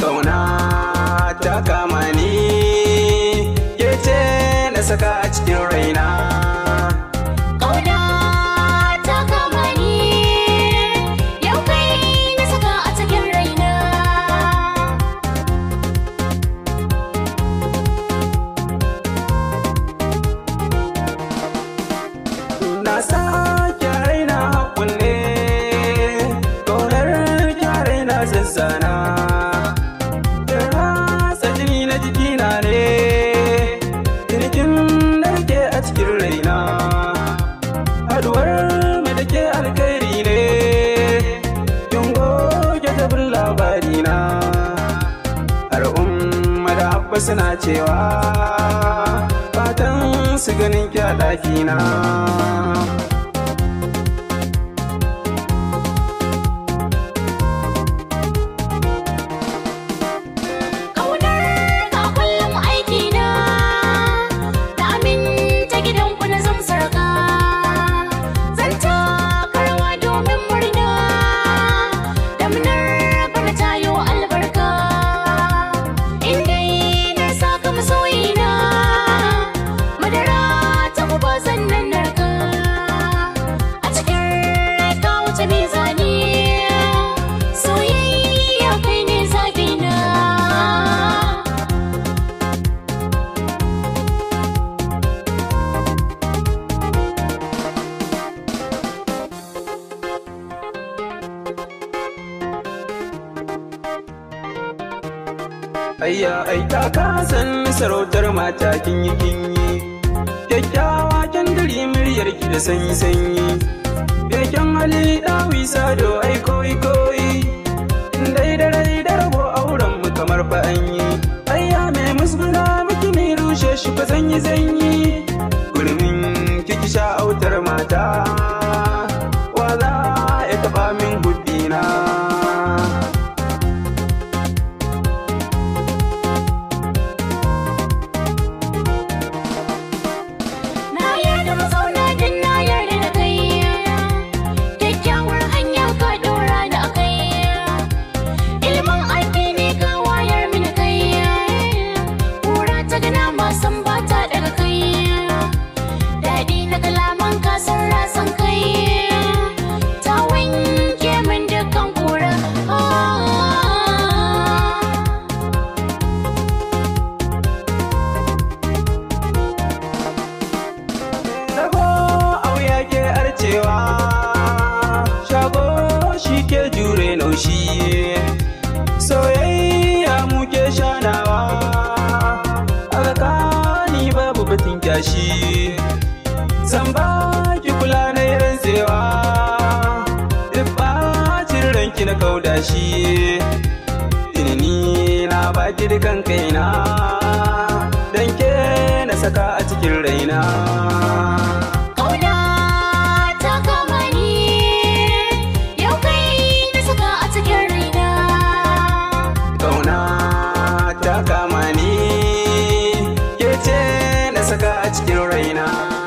kauna ta kama ni ya ce na saka a cikin raina sake raina hakkun ne ƙaunar kyare na zazzana suna cewa fatan su ganin kya ɗakina Ayya ai ta kasan sarautar mata kin yi kin yi. Kyakkyawa can diri muryar ki da sanyi sanyi. Keken Ali, ɗawi sado ai koyi koyi. Dai da rai da rabo auren mu kamar ba an yi. Ayya mai musguna miki mai rushe shi fa zanyi zanyi. shi zan ba ki kula na zewa duk bacin ranki na kauda shi ni na baki dukan kaina dan ke na saka a Still raining. Ah.